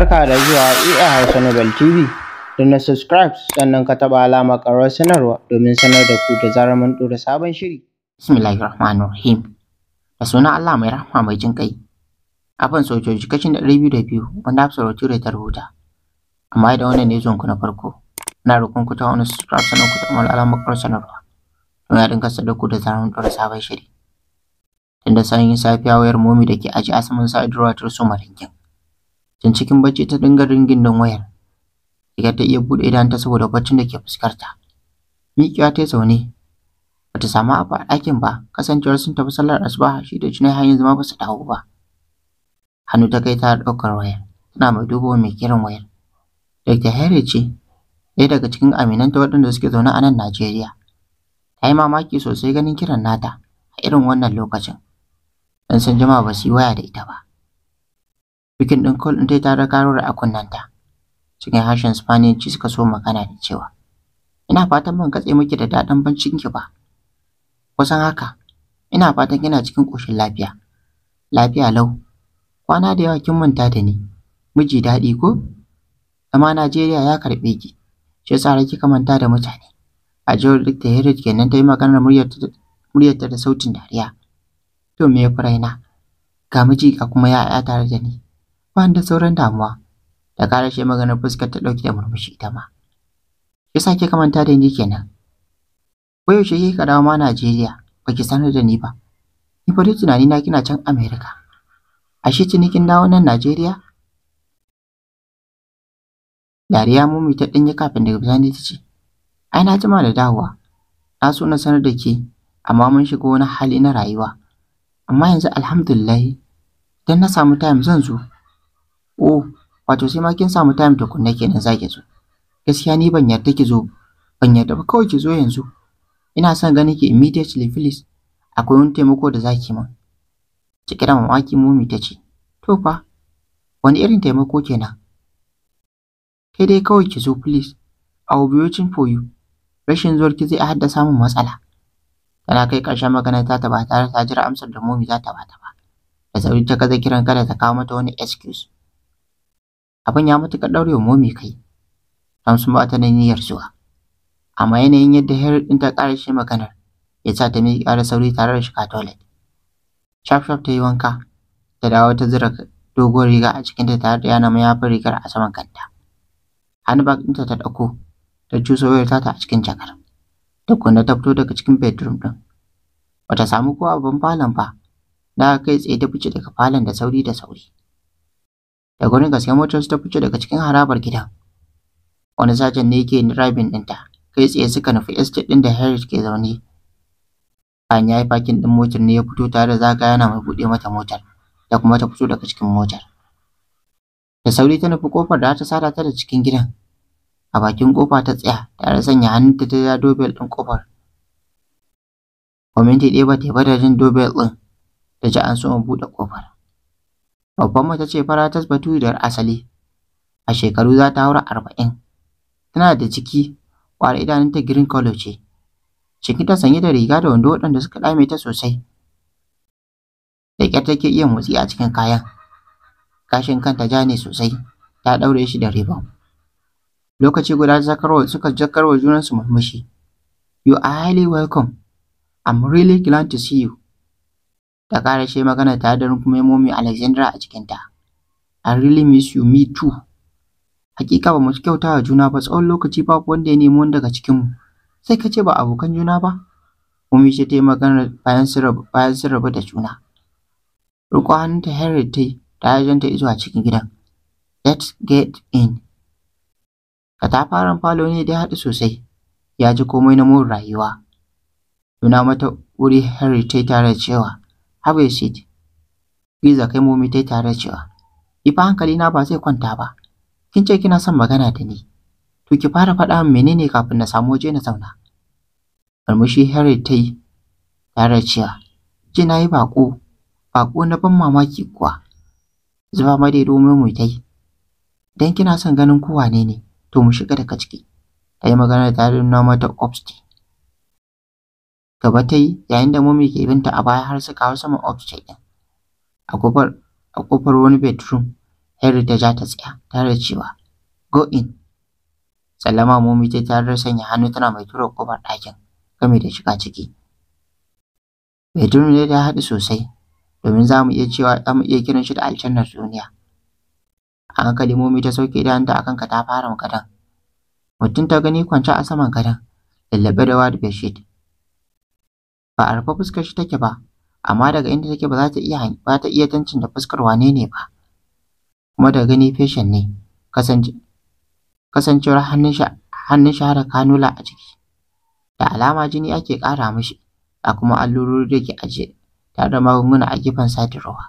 Barka da zuwa EA Hausa Nobel TV. Da na subscribe sannan ka taɓa alama karo sanarwa domin sanar da ku da zarar mun dora sabon shiri. rahim Da sunan Allah mai rahma mai jin kai Abin sojoji kashin da ɗari biyu da biyu wanda Hafsa Roture ta rubuta. Amma da wannan ne zonku na farko, na roƙon ku ta wani subscribe sannan ku taɓa alamar karo sanarwa. Don ya dinga sadar ku da zarar mun dora sabon shiri. Tunda sanyin safiya wayar momi da ke aji asamin sa'idurwa ta rusu maringin. Can cikin bacci ta dinga ringin don wayar. Riga ta iya buɗe ta saboda baccin da ke fuskarta. Mikiya ta zaune. Bata samu a ɗakin ba, kasancewar sun tafi sallar asuba shi da Junai hanyar zama ba su dawo ba. Hannu ta kai ta ɗaukar wayar, tana mai dubo mai kiran wayar. Daga Harry ce, ɗaya daga cikin aminanta waɗanda suke zaune a nan Najeriya. Ta yi mamaki sosai ganin kiran nata a irin wannan lokacin. Dan san jama'a ba su yi waya da ita ba. Bikin ɗin Cole dai ta ragarura da akunnanta, Cikin harshen Spaniyanci suka so magana da cewa, Ina fatan ban katse miki da daɗin ki ba. Kusan haka, ina fatan kina cikin ƙoshin lafiya. Lafiya lau, kwana da yawa kin manta da ni. Miji daɗi ko? Amma Najeriya ya karɓe ki, shi yasa har kika manta da mutane. A jihar Rick Herit kenan ta yi maganar muryarta da sautin dariya. To me ya fara raina? Ga miji ka kuma ya'ya tare da ni. ba da sauran damuwa. Da ƙarashe maganar fuskar ta ɗauki da murmushi ita ma. Ki ke kamanta da ni kenan. Koyaushe yaushe ka dawo ma Najeriya baki sanar da ni ba. Ni fa tunani na kina can Amerika. Ashe cinikin dawo nan Najeriya? Dariya mummi ta ɗanyi kafin daga bisani ta ce, Ai na jima da dawowa, na so na sanar da ke amma mun shiga wani hali na rayuwa amma yanzu alhamdulillah idan na samu time zan zo Oh, wato sai ma kin samu time kunna kenan zaki zo. Gaskiya ni ban yarda ki zo, ban yarda ba kawai ki zo yanzu. Ina son ganin ki immediately please. Akwai wani taimako da za ki min. mamaki momi ta ce, To fa, wani irin taimako kenan? Kai dai kawai ki zo please. I will be waiting for you. Rashin zuwar ki zai haddasa min matsala. Tana kai ƙarshen magana ta ba tare ta jira amsar da momi za ta bata ba. Da sauri ta kaza kiran kada ta kawo mata wani excuse. Abin ya matuƙar ɗaure wa momi kai, don sun ba ta da niyyar zuwa. Amma yanayin yadda Harriet din ta ƙara shi maganar ya sa ta miƙa da sauri tare da shiga toilet. Shaf shaf ta yi wanka, ta dawo ta zura doguwar riga a cikinta tare da yana mayafin rigar a saman kanta. Handbag ɗinta ta ɗauko, ta cusa wayar tata a cikin jakar. kunna ta fito daga cikin bedroom ɗin. Bata samu kowa a babban falon ba, na kai tsaye ta fice daga falon da sauri da sauri. da gurin gaske motar ta fice daga cikin harabar gidan wani sajan ne yake rabin ɗinta kai tsaye suka nufi estate ɗin da Harris ke zaune bayan ya yi fakin ɗin motar ne ya fito tare da zaga yana mai buɗe mata motar da kuma ta fito daga cikin motar da sauri ta nufi kofar da ta sada ta da cikin gidan a bakin kofa ta tsaya tare sanya hannunta ta da dobel ɗin kofar kwaminti ɗaya ba ta yi ba jin dobel ɗin da ji an so buɗe kofar Babban mace ce fara tas da asali, a shekaru za ta haura arba'in. Tana da ciki ƙwara idanunta green color ce. ta sanye da riga da wando waɗanda suka ɗame ta sosai. Da ƙyar take iya motsi a cikin kayan. Gashin kanta ja ne sosai, ta ɗaure shi da ribon. Lokaci guda suka jakarwa junansu murmushi. You are highly welcome. I'm really glad to see you. ta karashe magana tare da rungume momi Alexandra a cikinta. I really miss you, me too. Hakika ba mu kyauta wa juna ba tsawon lokaci babu wanda ya nemo daga cikinmu. Sai ka ce ba abokan juna ba? Kuma ce ta yi magana bayan sun rabu da juna. Riko hannunta Harry ta yi ta janta izuwa cikin gidan. Let's get in. Katafaren falo ne da ya haɗu sosai, ya ji komai na mun rayuwa. Juna mata wuri Harry ta yi tare cewa, Have a seat. kai momi tai tare cewa, Ifa na ba zai kwanta ba, kin ce kina son magana da ni. To ki fara faɗa min menene kafin na samu waje na zauna. Murmushi Harry tai tare cewa, Ji na yi baƙo, baƙo na ban mamaki kuwa. Zuba madai domin mu ta yi. Dan kina son ganin kowa ne ne, to mu shiga daga ciki. Ta yi magana tare da mata Obsti. gaba ta yi yayin da Mummy ke binta a baya har suka hau saman upstairs ɗin. A kofar wani bedroom, Henry ta ja ta tsaya tare da cewa Go in. Sallama Mummy ta tare sanya hannu tana mai tura kofar ɗakin game da shiga ciki. Bedroom ne ta haɗu sosai domin za mu iya cewa za mu iya kiran shi da aljannar duniya. A hankali Mummy ta sauke da idanunta akan fara gadon. Mutum ta gani kwance a saman gadon, lallaɓe da ward bedsheet ba a rufe fuskar shi take ba amma daga inda take ba za ta iya ba ta iya tantance fuskar wane ne ba kuma da gani feshin ne kasance kasancewar hannun shi hannun shi kanula a ciki da alama jini ake ƙara mishi a kuma allurori da ke aje tare da magunguna a gefen rawa.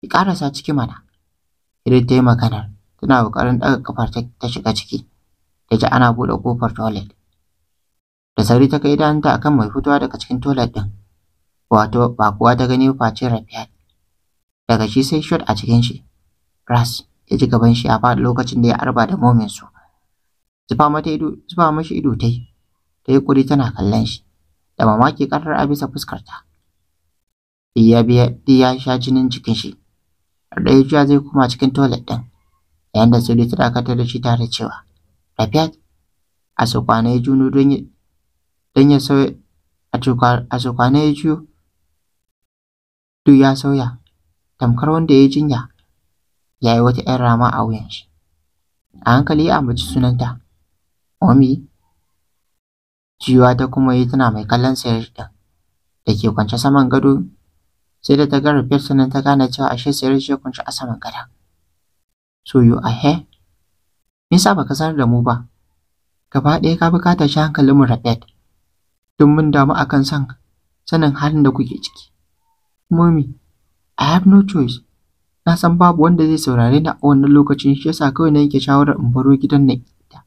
ki ƙarasa ciki mana idan ta yi maganar tana ƙoƙarin ɗaga kafar ta shiga ciki da ji ana buɗe kofar toilet Da sauri ta kai idanunta akan mai fitowa daga cikin toilet ɗin. Wato ba kuwa ta gani face rafiyat. Daga shi sai shot a cikin shi. Ras ya ji gaban shi a faɗi lokacin da ya arba da momin su. Zuba mata ido, zuba mashi ido ta yi. Ta yi kuri tana kallon shi. Da mamaki karar a bisa fuskarta. Diya biya ya sha jinin cikin shi. Ɗaya juya zai koma cikin toilet ɗin. Yayin da ta dakatar da shi tare cewa, Rafiat, a su ya juna don sauya a na ya ciyo Duk ya sauya, tamkar wanda ya jinya ya yi wata ‘yar rama a wuyan shi. A hankali ya ambaci sunanta, Omi. ciwa ta kuma yi tana mai kallon sayar da da ke kwance saman gado sai da ta ga rufiyar sunan ta gane cewa ashe sayar ya kwance a saman gada. So you are here? nisa ba baka sanar da mu ba? Gaba ɗaya ka bukata shi hankalin mu Rafet. don mun damu kan san sanin halin da kuke ciki. Mommy, I have no choice. Na san babu wanda zai saurare ni a wannan lokacin shi yasa kawai na yake shawarar in baro gidan nan ita.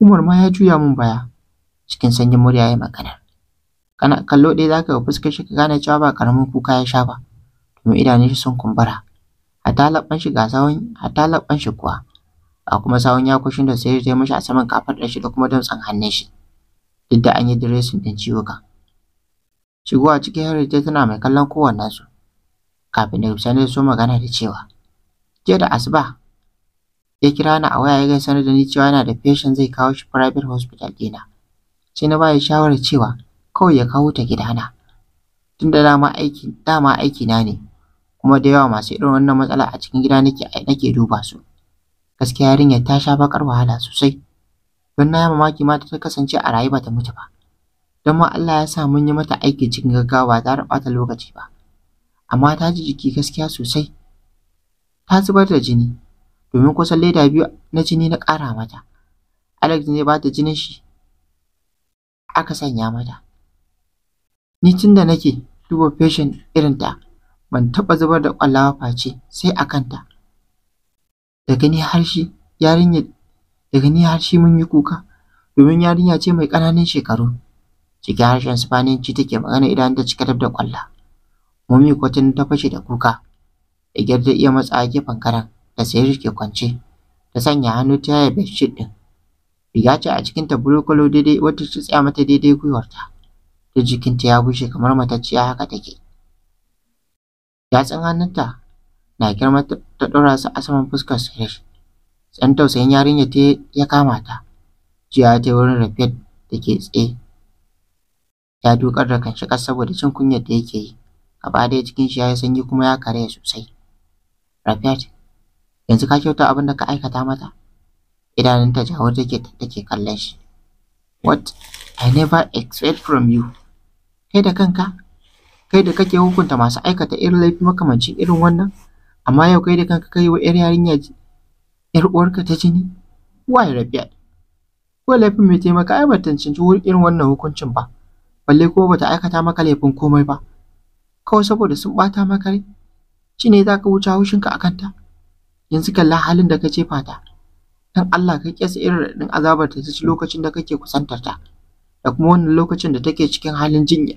Umar ma ya juya mun baya cikin sanyin murya ya magana. Kana kallo ɗaya zaka ga fuskar shi ka gane cewa ba karamin kuka ya sha ba. Domin idanun shi sun kumbura. Hatta labban shi ga sawun hatta shi kuwa. A kuma sawun ya kushin da sai ya je mishi a saman kafar shi da kuma dantsan hannun shi. duk an yi diresin ɗin ciwuka. Shigowa cikin Harriet tana mai kallon su. kafin daga bisani so magana da cewa, Jiya da asuba, ya kira ni a waya ya sanar da ni cewa yana da patient zai kawo shi private hospital ɗina. Sai na bayar shawarar cewa kawai ya kawo ta gidana. Tunda dama aiki dama aiki na ne kuma da yawa masu irin wannan matsala a cikin gida nake nake duba su. Gaskiya yarinyar ta sha bakar wahala sosai. don na yi mamaki mata ta kasance a rayuwa ta mutu ba don ma Allah ya sa mun yi mata aiki cikin gaggawa ba tare ɓata lokaci ba amma ta ji jiki gaskiya sosai ta zubar da jini domin kusan leda biyu na jini na ƙara mata Alex ne ba ta jinin shi aka sanya mata ni tun da nake duba irin ta, ban taɓa zubar da ƙwallawa face sai a kanta da gani har shi yarinyar daga ni har shi mun yi kuka domin yarinya ce mai ƙananan shekaru cikin harshen Spaninci take magana idan ta cika da kwalla mummy kwatin ta fashe da kuka da gyarda iya matsa gefen karan da sayar ke kwance ta sanya hannu ta yaya bedsheet ɗin. riga ce a cikin ta daidai wata ta tsaya mata daidai gwiwarta da jikinta ya bushe kamar matacciya haka take yatsun hannunta na girma ta ɗora su a saman fuskar Suresh Tsan tausayin yarinya ta ya kama ta. Jiya ta wurin Rafet da ke tsaye. Ya dukar da kanshi kas saboda cin kunyar da yake yi. Gaba ɗaya cikin shi ya yi sanyi kuma ya kare sosai. Rafet, yanzu ka kyauta abin da ka aikata mata? ta jawar take take kallon shi. What I never expect from you. Kai da kanka, kai da kake hukunta masu aikata irin laifi makamancin irin wannan, amma yau kai da kanka kai wa 'yar yarinya ‘yar uwarka ta jini? Wai rabiya? ko laifin bai taimaka ai bata cancanci irin wannan hukuncin ba, balle kuma bata aikata maka laifin komai ba, kawai saboda sun ɓata maka rai, shi ne za ka wuce haushinka a kanta? Yanzu kalla halin da ka jefa ta, don Allah ka kiyasa irin raɗin azabar ta ci lokacin da kake kusantar ta, da kuma wannan lokacin da take cikin halin jinya.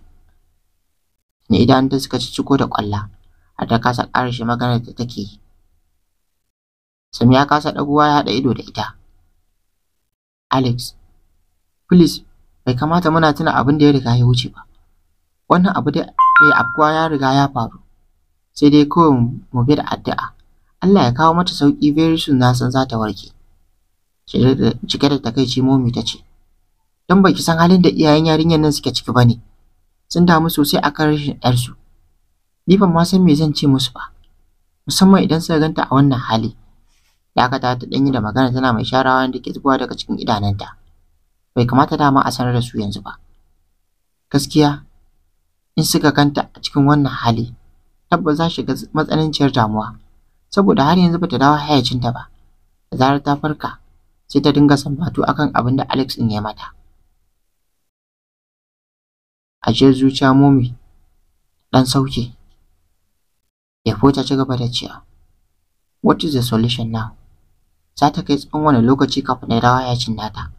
Ne idan ta suka ci ciko da kwalla har ta kasa ƙara shi maganar da take yi. Sam ya kasa ɗaguwa ya haɗa ido da ita. Alex, please, bai kamata muna tuna abin da ya riga ya wuce ba. Wannan abu da bai afkuwa ya riga ya faru. Sai dai kawai mu bi da addu'a. Allah ya kawo mata sauƙi very soon na san za ta warke. Cike da takaici momi ta ce, Don baki san halin da iyayen yarinyar nan suke ciki ba ne, sun damu sosai akan rashin ‘yarsu. Ni ban ma san me zan ce musu ba, musamman idan suka ganta a wannan hali. Dakata ta ɗanyi da magana tana mai sharawa da ke zubowa daga cikin idanunta. Bai kamata dama a sanar da su yanzu ba. Gaskiya, in suka kanta a cikin wannan hali, tabbas za shiga matsananciyar damuwa, saboda har yanzu bata dawo hayacinta ba. Da zarar ta farka, sai ta dinga sambatu akan abin da Alex ɗin ya mata. Ashe zuciya momi ɗan sauke. ya ta ci gaba da cewa, What is the solution now? za ta kai tsawon wani lokaci kafin Dairawa ya nata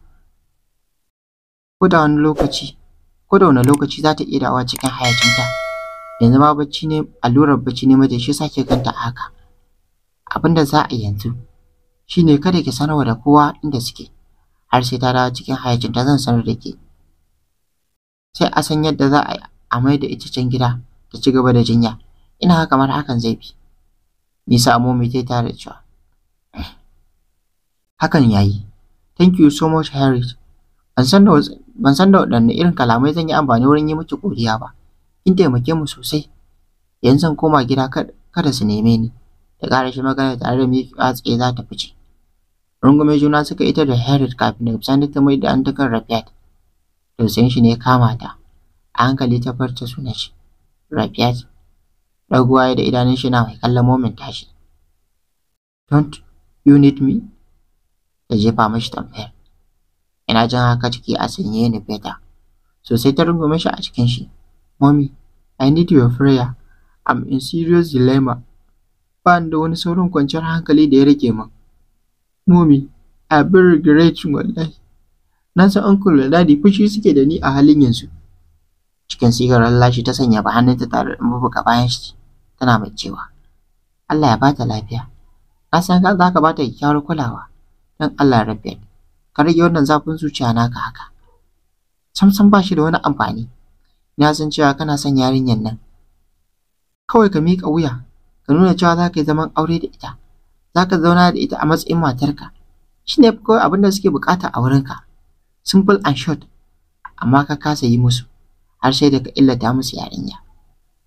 Ko da wani lokaci, ko da wani lokaci za ta iya dawowa cikin hayacinta. Yanzu ma bacci ne allurar bacci ne mata shi sake ganta a haka. Abin da za a yanzu shine kada ki sanarwa da kowa inda suke har sai ta dawo cikin hayacinta zan sanar da ke. Sai a san yadda za a a mai da ita can gida ta ci gaba da jinya. Ina haka mar hakan zai fi. Nisa momi ta tare da cewa Hakan ya yi. Thank you so much, Ban san da waɗanne irin kalamai zan yi amfani wurin yi miki godiya ba. Kin taimake mu sosai. Yanzu zan koma gida kada su neme ni. da ƙara shi magana tare da mafi tsaye za ta fice. Rungume juna suka ita da herit kafin da bisani ta mai da an takan da Tausayin shi ne ya kama ta. A hankali ta farta suna shi. Rafiat. ya da idanun shi na mai kallon momin tashi. Don't you need me? Ta jefa mashi tambayar ina jin haka ciki a sanye ni feta sosai ta rungume mashi a cikin shi mommy i need your prayer i'm in serious dilemma ba ni da wani saurin kwanciyar hankali da ya rage min mommy i been regret wallahi na san uncle da daddy fushi suke da ni a halin yanzu cikin sigarar lashi ta sanya ba hannunta tare da mabuka bayan shi tana mai cewa Allah ya bata lafiya na san za ka bata kyakkyawar kulawa don Allah Rabi'u ka rage wannan zafin zuciya naka haka sam ba shi da wani amfani na san cewa kana son yarinyar nan kawai ka mika wuya ka nuna cewa za ka yi zaman aure da ita za ka zauna da ita a matsayin matarka shi ne kawai abin da suke bukata a wurinka simple and short amma ka kasa yi musu har sai da ka illata musu yarinya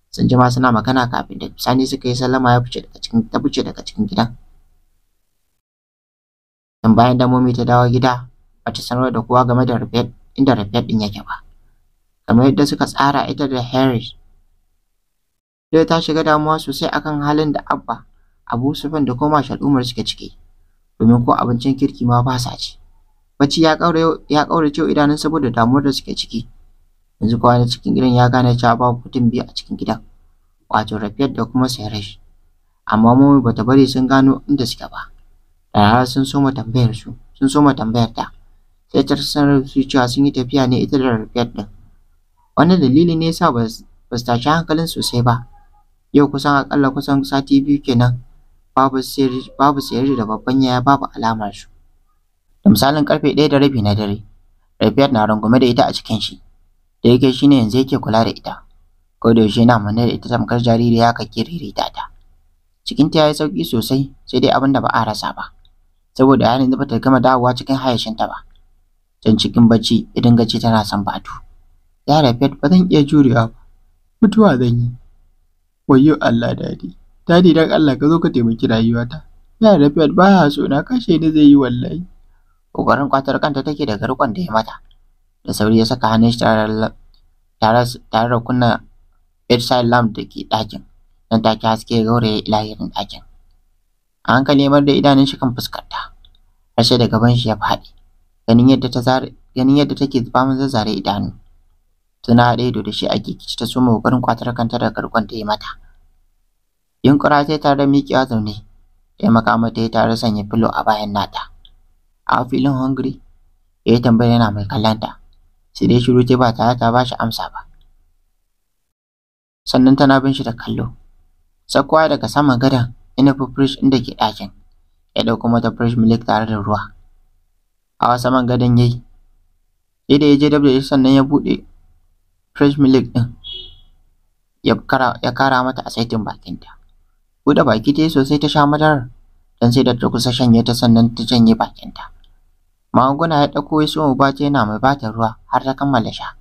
sun jima suna magana kafin da sani suka yi sallama ya fice daga cikin ta fice daga cikin gidan dan bayan Damomi ta dawo gida ba ta sanar da kowa game da Rufiyat inda Rufiyat din yake ba? Kamar yadda suka tsara ita da Harris. sai ta shiga damuwa sosai akan halin da Abba, Abu Sufyan da kuma Marshal Umar suke ciki, domin ko abincin kirki ma ba sa ci. Bacci ya ƙaurace idanun saboda damuwar da suke ciki. Yanzu kowa na cikin gidan ya gane cewa babu mutum biyu a cikin gidan, wato rafiyar da kuma Suresh. Amma Momi bata bari sun gano inda suke ba. Yara sun soma tambayar su, sun ma tambayar ta. Sai ta san su cewa sun yi tafiya ne ita da Rafiyat din. Wannan dalili ne yasa ba su tashi hankalin sosai ba. Yau kusan akalla kusan sati biyu kenan babu sayar da babban yaya babu alamar su. Da misalin karfe ɗaya da rabi na dare, Rafiyat na rungume da ita a cikin shi. Da yake ne yanzu yake kula da ita. Ko da yaushe yana manne da ita tamkar jaririya ka kiriri ta ta. Cikinta ya yi sauƙi sosai sai dai abin da ba a rasa ba. saboda har yanzu bata gama dawowa cikin hayyacinta ba. Can cikin bacci idan dinga tana son batu. Ya Rafet ba zan iya jurewa ba. Mutuwa zan yi. Wayyo Allah dadi. Dadi dan Allah ka zo ka taimaki rayuwata. Ya Rafet ba ya so na kashe ni zai yi wallahi. Kokarin kwatar kanta take da rikon da ya mata. Da sauri ya saka hannun shi tare da kunna bedside lamp da ke dakin Nan take haske gauraye ilahirin dakin a hankali ya bar da idanun shi kan fuskarta ashe da gaban shi ya faɗi ganin yadda ta zare ganin yadda take mun zazzare idanu tuna da ido da shi ake kici ta soma kokarin kwatar kanta da garkon ta yi mata sai ta tare da miƙewa zaune taimaka mata ya tare sanya filo a bayan nata a filin hungry ya yi tambaya yana mai kallanta sai dai shiru ta ba tare ta ba shi amsa ba sannan tana bin shi da kallo sakwa daga saman gadan ina firij fridge inda ke ɗakin ya ɗauko mata fresh milk tare da ruwa a wasa man gadon yayi yadda ya je dab da sannan ya buɗe fresh milk ɗin ya kara mata a saitin bakinta buɗe baki ta yi sosai ta sha madarar dan sai da ta kusa shanye ta sannan ta janye bakinta magunguna ya ɗauko ya so bata yana mai bata ruwa har ta kammala sha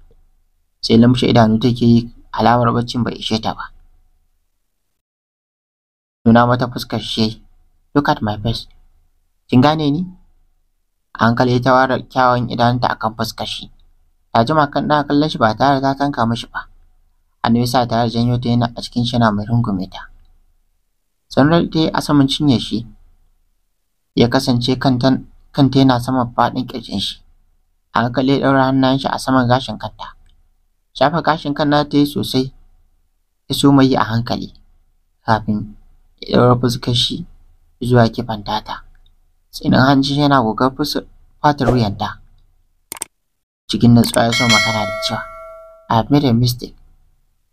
sai lamshe idanu take yi alamar baccin bai ishe ta ba nuna mata fuskar shi look at my face kin gane ni a hankali ta ware kyawun idanta akan fuskar shi ta jima kan da kallon shi ba tare da ta tanka mishi ba hannu sa tare janyo ta yana a cikin shi mai rungume ta sanar ta a saman cinye shi ya kasance kanta yana saman faɗin ƙirjin shi a hankali ya ɗaura hannayen shi a saman gashin kanta shafa gashin ta yi sosai ya so mai a hankali kafin ya ɗaura zuwa kifan tata. Tsinin hanci yana gogar fatar ta. Cikin natsuwa ya so magana da cewa, I have made a mistake,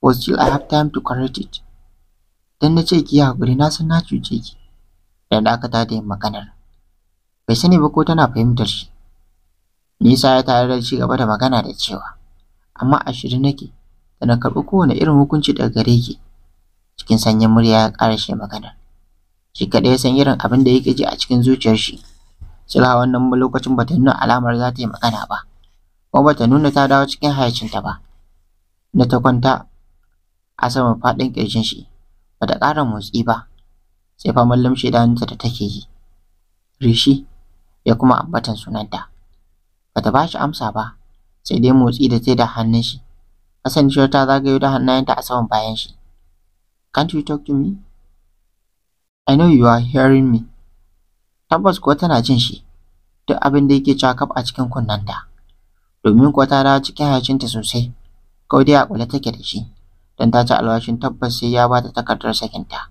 but still I have time to correct it. Dan na ce ki yi haƙuri na san na cuce ki. Da dakata da yin maganar. Bai sani ba ko tana fahimtar shi. Nisa ya tare da ci gaba da magana da cewa, amma a shiri nake da na karɓi kowane irin hukunci daga gare ki. cikin sanyin murya ya shi magana shi kaɗai ya san irin abin da yake ji a cikin zuciyar shi Sulha wannan lokacin bata nuna alamar za ta yi magana ba kuma bata nuna ta dawo cikin hayacinta ba na ta kwanta a saman faɗin ƙirjin shi Ba ta ƙara motsi ba sai faman lamshe idanunta da take yi rishi ya kuma ambatan sunanta bata ba shi amsa ba sai dai motsi da ta da hannun shi kasancewar ta zagayo da hannayenta a saman bayan shi Can't you talk to me? I know you are hearing me. Tabbas kuwa tana jin shi, duk abin da yake cakaf a cikin ta domin kuwa ta dawo cikin hayacinta sosai, kawai dai a kula take da shi, don ta ci alwashin tabbas sai ya ba ta takardar sakinta.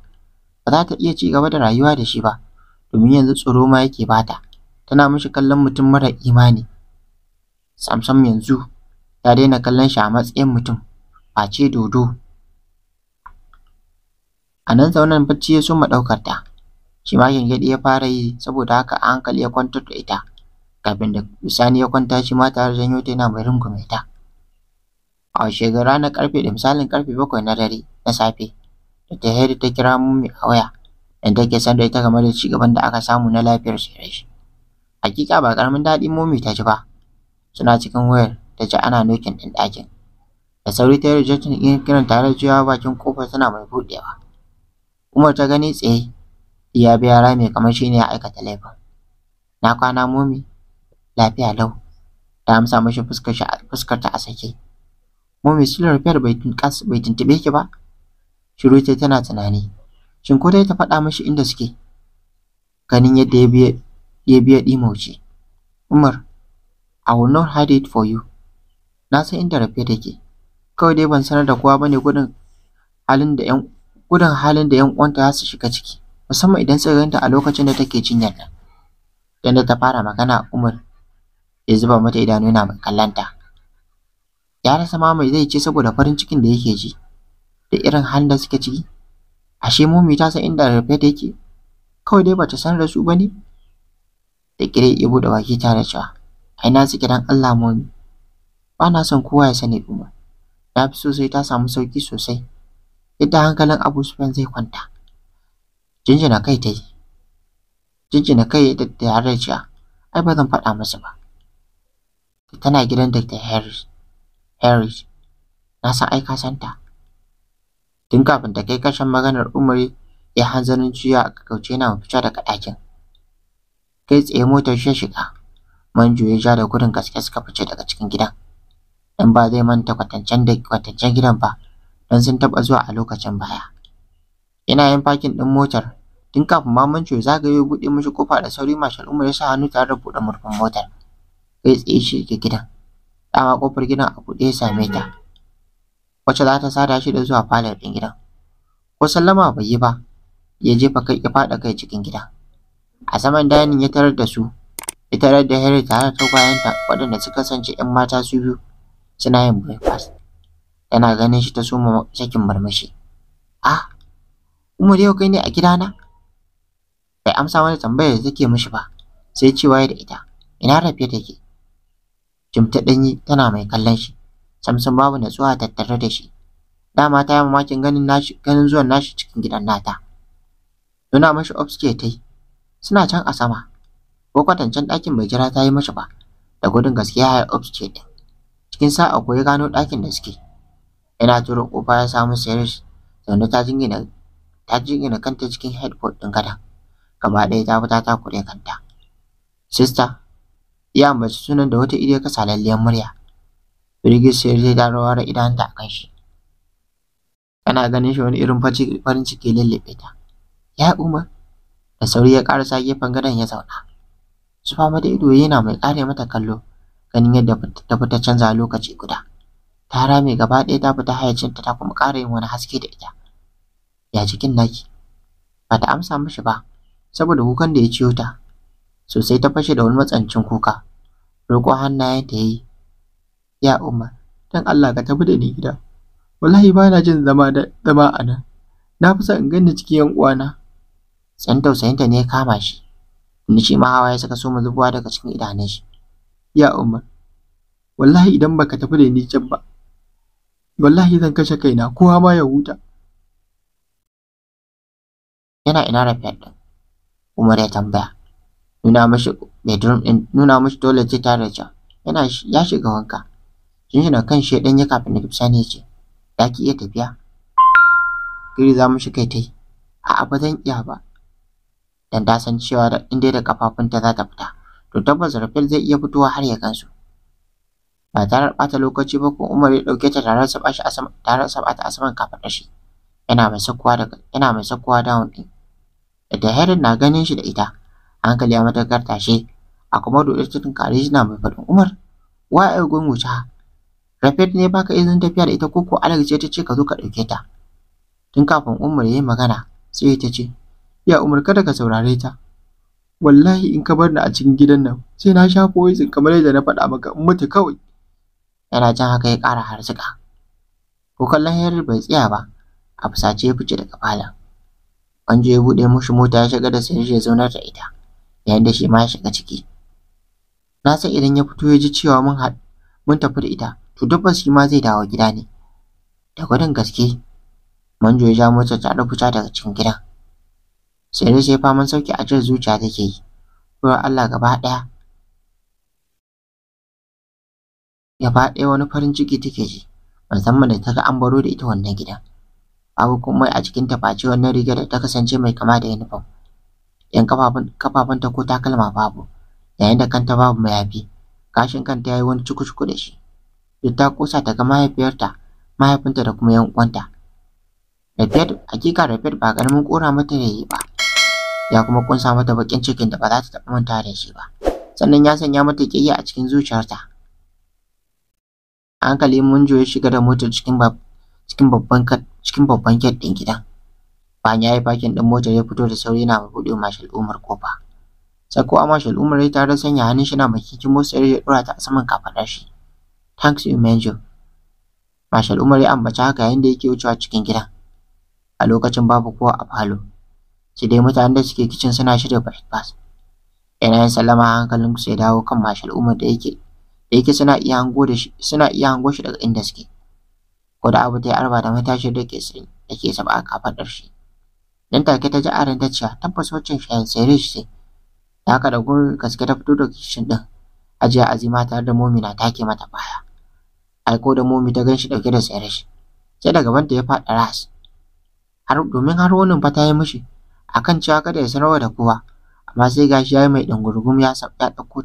Ba za ta iya ci gaba da rayuwa da shi ba, domin yanzu tsoro ma yake bata, tana mishi kallon mutum mara imani. Samsam yanzu ya daina kallon shi a matsayin mutum, ce dodo. A nan zaunan bacci ya soma ɗaukar ta, shi ma gyangyaɗi ya fara yi saboda haka a hankali ya kwantar da ita, kafin da bisani ya kwanta shi ma tare da janyo ta yana mai rungume ta. A washegari ranar ƙarfe da misalin karfe bakwai na dare na safe, ta ta kira mummi a waya inda take sanar da ita game da cigaban da aka samu na lafiyar Suresh. Hakika ba karamin daɗin mummi ta ji ba, suna cikin wayar ta ji ana nokin ɗin ɗakin. Da sauri ta yi rejectin ɗin kiran tare da juyawa bakin kofar tana mai buɗewa. Umar ta gani tsaye ya bi yara mai kamar shi ne ya aikata laifin. Na kwana momi lafiya lau ta amsa mashi fuskar ta a sake. Momi su fiyar bai tuntube ki ba? Shiru ta tana tunani. Shin ko dai ta faɗa mashi inda suke? Ganin yadda ya biya ya Umar, I will not hide it for you. Na san inda rafe take. Kawai dai ban sanar da kowa bane gudun halin da 'yan gudun halin da 'yan uwanta za su shiga ciki musamman idan suka ganta a lokacin da take jinyar nan. idan ta fara magana Umar ya zuba mata idanu yana mai kallonta. Ya rasa ma mai zai ce saboda farin cikin da yake ji da irin halin da suke ciki. Ashe Mumi ta san inda rufe da yake? Kawai dai bata san rasu ba ne? Da kire ya bude baki tare cewa ai na suke dan Allah mu? Ba na son kowa ya sani Umar. Na fi so sai ta samu sauki sosai. yadda hankalin Abu Sufyan zai kwanta jinjina kai ta yi jinjina kai da tare ai ba zan faɗa masa ba tana gidan Dr. Harris Harris na san ai ka santa tun kafin ta kai ƙarshen maganar umari ya hanzarin juya a kauce na mafita daga ɗakin kai tsaye motar shi shiga manjo ya ja da gudun gaske suka fice daga cikin gidan in ba zai manta kwatancen gidan ba don sun taɓa zuwa a lokacin baya. Ina yin fakin ɗin motar tun kafin ma Manco zagaye ya buɗe mishi kofa da sauri Marshal Umar ya sa hannu tare da buɗe murfin motar. Kai tsaye shi ke gidan. Dama kofar gidan a buɗe ya same ta. Wacce za ta sada shi da zuwa falon ɗin gidan. Ko sallama bai yi ba ya jefa kai ya faɗa kai cikin gida. A saman dainin ya tarar da su ya tarar da Harry tare da tagwayenta waɗanda suka kasance 'yan mata su biyu suna yin breakfast. Yana ganin shi ta soma sakin murmushi. Ah, Umar yau kai ne a gidana? Bai amsa wani tambayar da take mishi ba, sai cewa ya da ita, ina rafe take? Jim ta ɗanyi tana mai kallon shi, samsun babu natsuwa tattare da shi. Dama ta yi mamakin ganin nashi ganin zuwan nashi cikin gidan nata. Nuna mashi obske ta yi, suna can a sama, ko kwatancen ɗakin bai jira ta yi mashi ba, da gudun gaskiya ya obske ɗin. Cikin sa'a ko ya gano ɗakin da suke. Yana tura ƙofa ya samu Sirish zaune ta jingina ta kanta cikin headboard ɗin gada. Gaba ɗaya ta fita ta kure kanta. Sista, ya ambaci sunan da wata iriya kasalalliyar murya. Birgit Sirish ta rawar idanunta a kan shi. Tana ganin shi wani irin farin ciki lallaɓe ta. Ya Umar, da sauri ya ƙarasa gefen gadon ya zauna. Sufa mata ido yana mai ƙare mata kallo ganin yadda ta fita canza lokaci guda. ta mai gaba ɗaya ta fita hayyacinta ta kuma ƙara yin wani haske da ita ya jikin naki ba ta amsa mishi ba saboda kukan da ya ciyo ta sosai ta fashe da wani matsancin kuka roƙo hannayen ta yi ya Umar, dan Allah ka tafi da ni gida wallahi ba na jin zama da zama a nan na fi son in ganni cikin yan uwana San tausayinta ne ya kama shi ni shi ma hawaye suka so mu zubuwa daga cikin idanun shi ya Umar, wallahi idan baka tafi da ni can ba wallahi zan kashe kaina kowa ma ya huta yana ina rafiyar ɗin umar ya tambaya nuna mashi bedroom ɗin nuna mashi dole ce tare da can yana ya shiga wanka jinjina kan shi ɗan ya kafin da ya ce ya ki iya tafiya kiri za mu shiga ta yi a'a ba zan iya ba dan ta san cewa in dai da kafafunta za ta fita to tabbas rafiyar zai iya fitowa har ya gansu ba tare da ɓata lokaci ba ko Umar ya ɗauke ta tare sa bashi a tare sa bata a saman shi yana mai sakkuwa da yana mai sakkuwa down ɗin da Herin na ganin shi da ita hankali ya karta shi a kuma dole ta tunkare na mai faɗin Umar wa ai gun wuce Rafet ne baka izinin tafiya da ita ko ko Alex ce ta ce ka zo ka ɗauke ta tun kafin Umar ya yi magana sai ta ce ya Umar kada ka saurare ta wallahi in ka bar ni a cikin gidan nan sai na sha poison kamar yadda na faɗa maka in mutu kawai yana jan haka ya ƙara harzuka ko kallon henry bai tsaya ba a fusace ya fice daga falon Manjo ya buɗe mushi mota ya shiga da sayar ya zaunar da ita yayin da shi ma ya shiga ciki na san idan ya fito ya ji cewa mun haɗu mun tafi da ita to tabbas shi ma zai dawo gida ne da gwadon gaske manjo ya ja motar ta da fita daga cikin gidan sai sai faman sauki a jin zuciya take yi ruwan Allah gaba ɗaya gaba ɗaya wani farin ciki take ji musamman da ta ga an baro da ita wannan gida babu komai a cikin ta face wannan rigar da ta kasance mai kama da uniform yan ta ko takalma babu yayin da kanta babu mayafi gashin kanta yayi wani cuku-cuku da shi duk ta kosa ta ga mahaifiyarta mahaifinta da kuma yan uwanta Rafiyat hakika Rafiyat ba ganin kora mata yayi ba ya kuma kunsa mata bakin cikin da ba za ta taɓa manta da shi ba sannan ya sanya mata ƙiyayya a cikin zuciyarta hankali mun ya shiga da motar cikin cikin babban cikin babban gate din gidan. Bayan ya yi fakin ɗin motar ya fito da sauri yana buɗe Marshal Umar kofa. a Marshal Umar ya tare sanya hannun shi na makikin motsar ya dora ta a saman kafadar shi. Thanks you Major. Marshal Umar ya ambaci haka yayin da yake wucewa cikin gidan. A lokacin babu kowa a falo. Sai dai mutanen da suke kicin suna shirya breakfast. Yana yin sallama hankalin su ya dawo kan Marshal Umar da yake da yake suna iya hango da shi suna iya hango shi daga inda suke ko da abu ta yi arba da matashin da ke da ke saba a kafaɗar shi dan take ta ji aran ta cewa tabbas waccan shayan sai shi da haka da gurin gaske ta fito da kishin din ajiya azima tare da momi na take mata baya aiko da momi ta gan shi dauke da sayar shi sai daga gabanta ya faɗa ras har domin har wannan fata ta yi mishi akan cewa kada ya sanarwa da kowa amma sai gashi ya yi mai ɗan ya ya ɗauko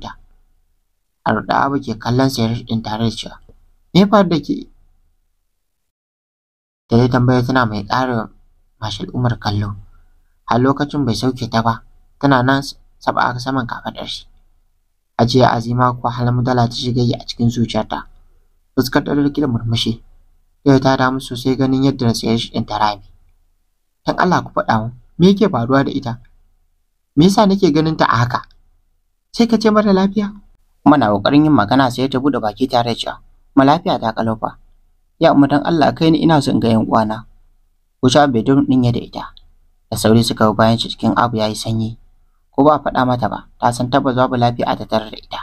a ke kallon Sairat ɗin tare da cewa me fa da ke da dai tambaya tana mai ƙara mashal Umar kallo a lokacin bai sauke ta ba tana nan saba a saman kafaɗar shi a jiya azima ko halin mudala ta shiga a cikin zuciyarta fuskar ta da murmushi yau ta damu sosai ganin yadda na tsayar shi ɗin ta rami dan Allah ku faɗa mu me yake faruwa da ita me yasa nake ganin ta a haka sai ka ce mara lafiya kuma na ƙoƙarin yin magana sai ta buɗe baki tare da cewa ma lafiya ta kalofa ya umma dan Allah kai ni ina son ga yan uwana wuta bedroom din ya da ita da sauri suka bayan shi cikin abu yayi sanyi ko ba faɗa mata ba ta san tabbas ba lafiya ta tarar da ita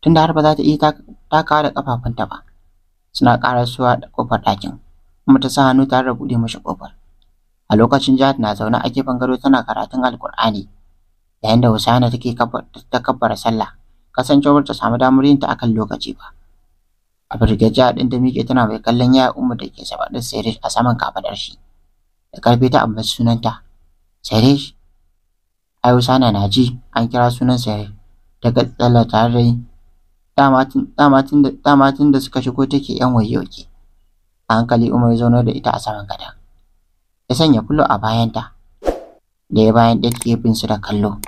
tunda har ba za ta iya takawa da kafafunta ba suna karasuwa da kofar ɗakin kuma ta sa hannu tare da buɗe mashi kofar a lokacin jihar na zaune a gefen gado tana karatun alkur'ani yayin da Hussaina take ta kabbara sallah kasancewar ta samu damar yin ta akan lokaci ba. A birgajiya ɗin da mike tana mai kallon yaya umar da ke sabaɗin Sairesh a saman kafadar shi. Da karfe ta ambaci sunanta. Sairesh. Hausa na naji an kira sunan Sairesh. Ta gatsala tare da yi. da suka shigo take ‘yan wayoki. A hankali Umar ya zauna da ita a saman gada Ya sanya fulo a bayanta. Da ya bayan ɗaya bin su da kallo.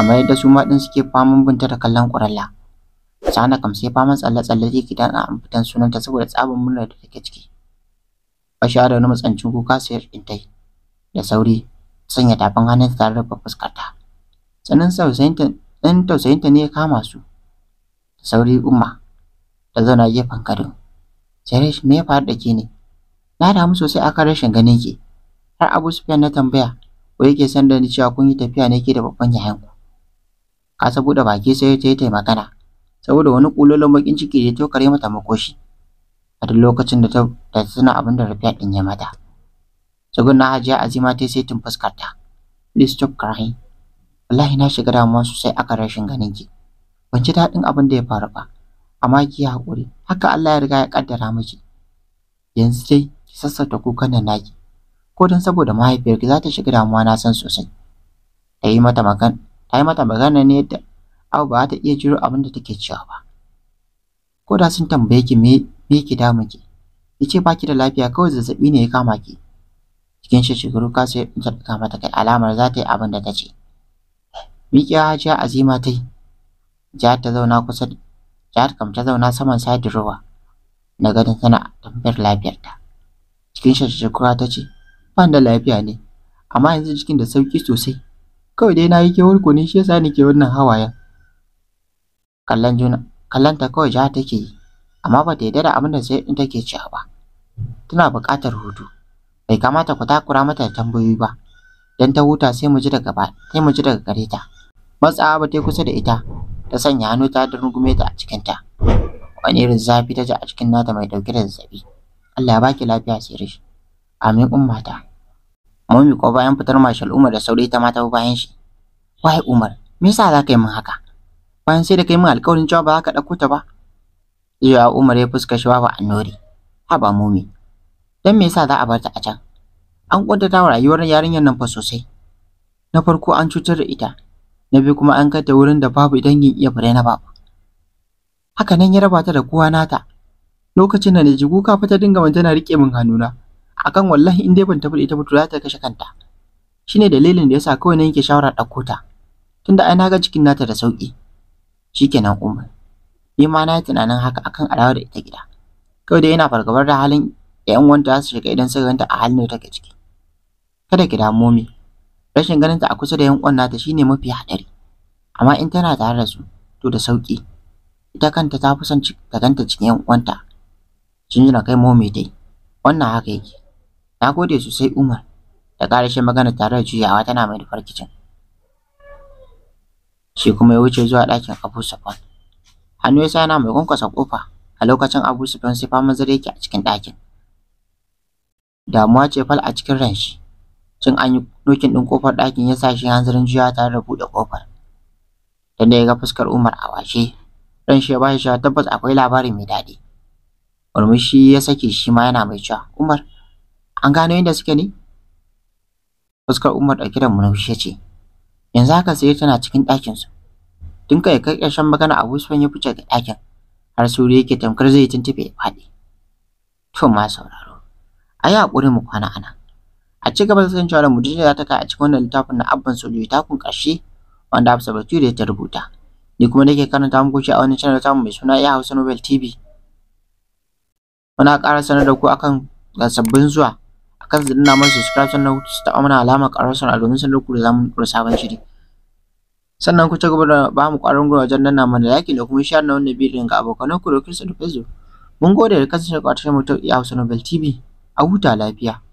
amma yadda su ma ɗin suke faman binta da kallon ƙuralla sana kam sai faman tsalle-tsalle take dan a amfitan sunanta saboda tsabin murnar da take ciki sha da wani matsancin kuka sayar ɗintai da sauri sanya tafin ta tare da fuskarta sannan tausayinta tausayinta ne ya kama su da sauri umma ta zauna gefen kadin Jaresh me ya faru da ke ne na damu sosai akan rashin ganin ki har Abu Sufyan na tambaya ko yake san da ni cewa kun yi tafiya ne ke da babban yayanku a buɗe baki sai ta yi taimakana. saboda wani ƙulolin baƙin ciki da ta kare mata makoshi a duk lokacin da ta da abin da rufe ɗin ya mata. na Hajiya Azima ta sai tun fuskar ta. Please stop crying. Wallahi na shiga damuwa sosai aka rashin ganin ki. Ban ji daɗin abin da ya faru ba. Amma ki haƙuri, haka Allah ya riga ya ƙaddara miki. Yanzu dai ki sassauta kukan nan naki. ko don saboda mahaifiyarki za ta shiga damuwa na san sosai. Ta yi mata magana. ta yi mata magana ne yadda abu ba ta iya jiro abin da take cewa ba ko da sun tambaye ki me me ki damu ki ki ce baki da lafiya kawai zazzabi ne ya kama ki cikin shi shigaru kasu ta ɗaga mata kai alamar za ta yi abinda da ta ce ya hajiya azima ta yi jihar ta zauna kusa jihar kam ta zauna saman sadi ruwa na ganin tana tambayar lafiyarta cikin shi shigaru ta ce ban da lafiya ne amma yanzu cikin da sauki sosai kawai dai na yi kewar ku ne shi yasa nake wannan hawayen kallon juna kallon ta kawai ja take yi amma ba ta yarda da abin da sai in take cewa ba tana buƙatar hutu bai kamata ku takura mata da tambayoyi ba dan ta huta sai mu ji daga ba sai mu ji daga gare ta matsawa ba ta kusa da ita ta sanya hannu ta da rungume ta a cikin ta. wani irin zafi ta ji a cikin nata mai dauke da zazzaɓi Allah ya baki lafiya sirish amin ummata Mami kuwa bayan fitar mashal Umar da saurayi ta mata bayan shi. Wai Umar, me yasa za ka yi min haka? Bayan sai da kai min alƙawarin cewa ba za ka ɗauko ta ba. Iya Umar ya fuska shi babu annori. Haba Mami. dan me yasa za a bar ta a can? An ƙuntata wa rayuwar yarinyar nan fa sosai. Na farko an cutar da ita, na biyu kuma an kai ta wurin da babu idan yin iya fure na babu. Haka nan ya raba ta da kowa nata. Lokacin da na ji kuka fa ta dinga tana riƙe min hannuna. akan wallahi in dai ban tafi da ita ba to za ta kashe kanta shine dalilin da yasa kawai na yake shawarar ɗauko ta tunda ai na ga cikin nata da sauki shikenan umar ni ma na yi tunanin haka akan a da ita gida kawai da yana fargabar da halin ƴan wanta za su shiga idan suka ganta a halin da take ciki kada ki damu mi rashin ganin ta a kusa da yan uwan nata shine mafi haɗari amma in tana tare da su to da sauki ita kanta ta fi son ta ganta cikin yan uwanta jinjina kai momi dai wannan haka yake Na gode sosai Umar. Da ƙarashin magana tare da juyawa tana mai nufar kicin. Shi kuma ya wuce zuwa ɗakin Abu Sufyan. Hannu ya sa yana mai kwankwasa ƙofa a lokacin Abu Sufyan sai faman zare yake a cikin ɗakin. Damuwa ce fal a cikin ranshi. Cin an yi dokin ɗin ƙofar ɗakin ya sa shi hanzarin juya tare da buɗe ƙofar. Dan da ya ga fuskar Umar a washe, shi ya bashi cewa tabbas akwai labari mai daɗi. Murmushi ya sake shi ma yana mai cewa Umar An gano inda suke ne? Fuskar Umar da da murmushi ce, yanzu haka sai tana cikin ɗakinsu. Tun kai kai ƙarshen magana Abu Sufyan ya fice ga ɗakin, har Suri yake tamkar zai tuntuɓe ya faɗi. To ma sauraro, a yi haƙuri mu kwana ana. A ci gaba da kasancewa da mutum za ta kai a cikin wannan littafin na Abban Sojoji takun ƙarshe wanda Hafsa Bature ta rubuta. Ni kuma nake karanta muku shi a wannan channel mu mai suna Ya Hausa Nobel TV. Muna ƙara sanar da ku akan sabbin zuwa kan su dinna mana subscribe sannan ku ta amana alamar ƙarar sana domin sanar ku da zamu ɗora sabon shiri sannan ku ci gaba da ba mu ƙwarin gwiwa wajen danna mana Yaƙi da kuma share na wannan bidiyon ga abokanan ku da kinsu da Facebook mun gode da kasance ƙwatashin mutum iya e Hausa Nobel TV a huta lafiya